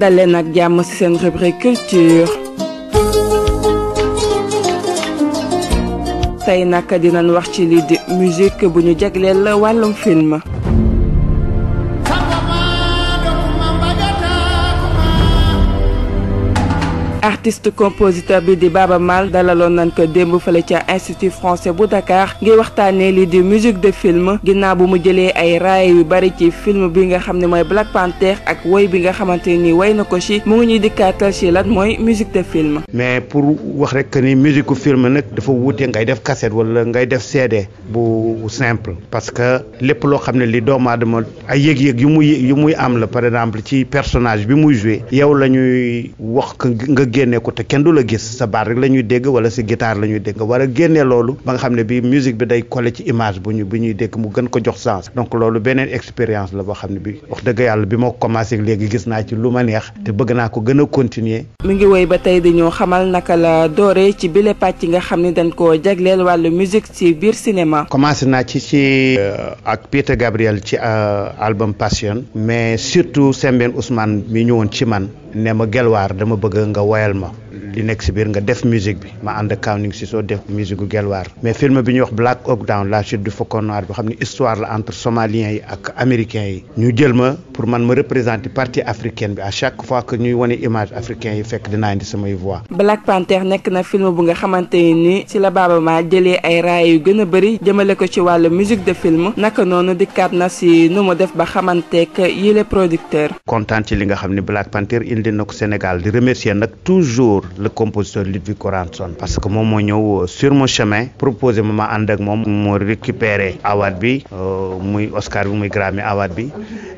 dalee nag jàmm ci seen rubrique culture tey nag dinañ wax ci liid di musique bu ñu jagleel wàllum film artiste compositeur bi di Baba mal dalalon nan ko démb fele ci institut français bu Dakar ngir waxtane li di musique de film ginnaaw bu mu jëlee ay raaya yu bari ci film bi nga moy Black Panther ak way bi nga xamanteni ni way na ko ci mu ngi ñuy dikkaatal ci lan moy musique de film. mais pour wax rek ni musique de film nak dafa wuute ngay def cassette wala ngay def CD bu simple parce que lepp lo xam li doomu adama ay yeg yeg yu muy am la par exemple ci personnage bi muy joué yow lañuy wax nga génne ko te kenn du la gis sa baat rek la ñuy dégg wala si guitare la ñuy dégg nga war a génne loolu ba nga xam ne bi musique bi day collé ci image bu ñu bi ñuy dégg mu gën ko jox sens donc loolu beneen expérience la boo xam ne bi wax dëgg yàlla bi moo ko commencé léegi gis naa ci lu ma neex te bëgg naa ko gën a continuer mi ngi woy ba tey dañoo xamal naka la dooree ci bile pàcc nga xam ne dañ koo jagleel wàllu musique ci biir cinéma commencé naa ci ci euh, ak Peter Gabriel ci euh, album Passion mais surtout Sembène Ousmane mi ñëwoon ci man nee ma gelwaar dama bëgg nga woyal ma li nekk si biir nga def musique ma musique mais film bi Black Hawk Down la chute du faucon noir histoire entre somaliens et américains pour man représenter partie africaine à chaque fois que ñuy une image africain yi fekk Black Panther nekk na film bu nga xamante ni la ay yu musique de film naka def ba producteur. Black Panther indi Sénégal di remercier toujours. Nour le compositeur Ludwig Göransson parce que moom moo ñëw euh, sur mon chemin proposé moom ma ànd ak moom moo récupéré award bi euh, muy Oscar bi muy Grammy award bi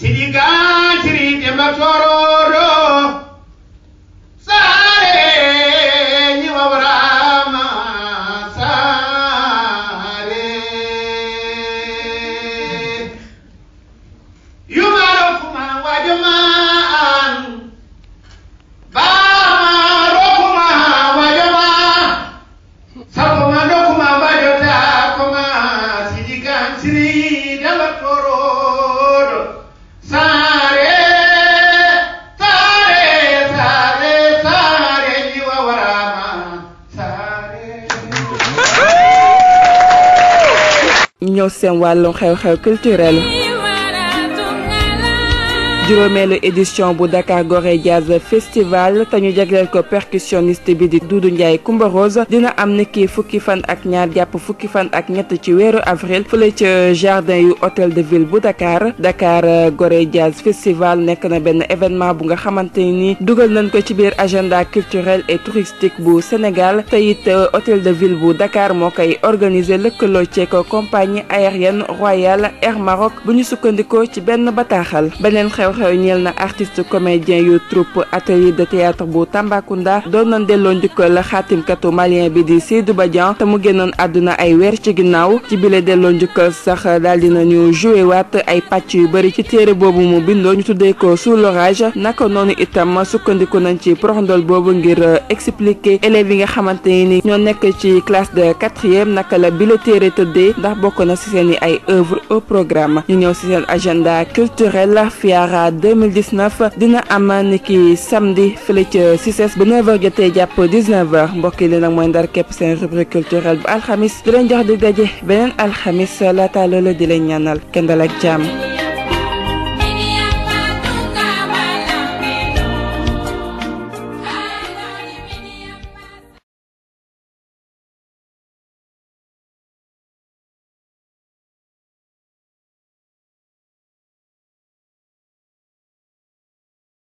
siriga siride matororo sare ñiwawarama sare yumarokuma wajoma an bamarokuma wajoma sakoma dokuma wajota koma sirigan siride matoro ñëw seen wàllum xew-xew culturel juróomeelu édition bu Dakar Gorée Jazz Festival te ñu ko percussionniste bi di Doudou Ndiaye kumba Rose dina am ki fukki fan ak ñaar japp fukki fan ak ñett ci avril fële le jardin yu hôtel de ville bu Dakar Dakar Gorée Jazz Festival nek na ben événement bu nga xamante duggal nañ ko ci biir agenda culturel et touristique bu Sénégal tayit euh, hôtel de ville bu Dakar mo kay organiser ci ko compagnie aérienne Royal Air Maroc bu ñu sukkandiko ci ben bataxal beneen xew. ñeel na artiste comédien yu troupe atelier de théâtre bu Tambacounda doon nañ delloo njukkal xaatimkatu malien bi di Seydou Badian te mu génnoon àdduna ay weer ci ginnaaw ci bile delloo njukkal sax daal dina ñu joué waat ay pàcc yu bëri ci téere boobu mu bindoo ñu tuddee ko sous l'orage naka noonu itam sukkandiku nañ ci proxndol boobu ngir euh, expliquer élèves yi nga xamante ni ñoo nekk ci classe de quatrième naka la bile téere tëddee ndax bokk na si seen i ay programme ñu ñëw si 2019 dina amaan ni kii fële ca CICES ba 9h jotee jàpp 19h mbokk yi li nag mooy ndar képp seen rubrique culturelle bu alxamis di leen jox di daje beneen alxamis laata loola di leen ñaanal kendal ak jàmm.